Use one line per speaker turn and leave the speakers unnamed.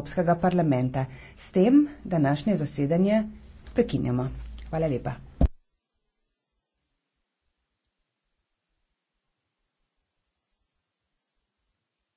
Evropskega parlamenta. S tem današnje zasedanje prekinjamo. Hvala lepa.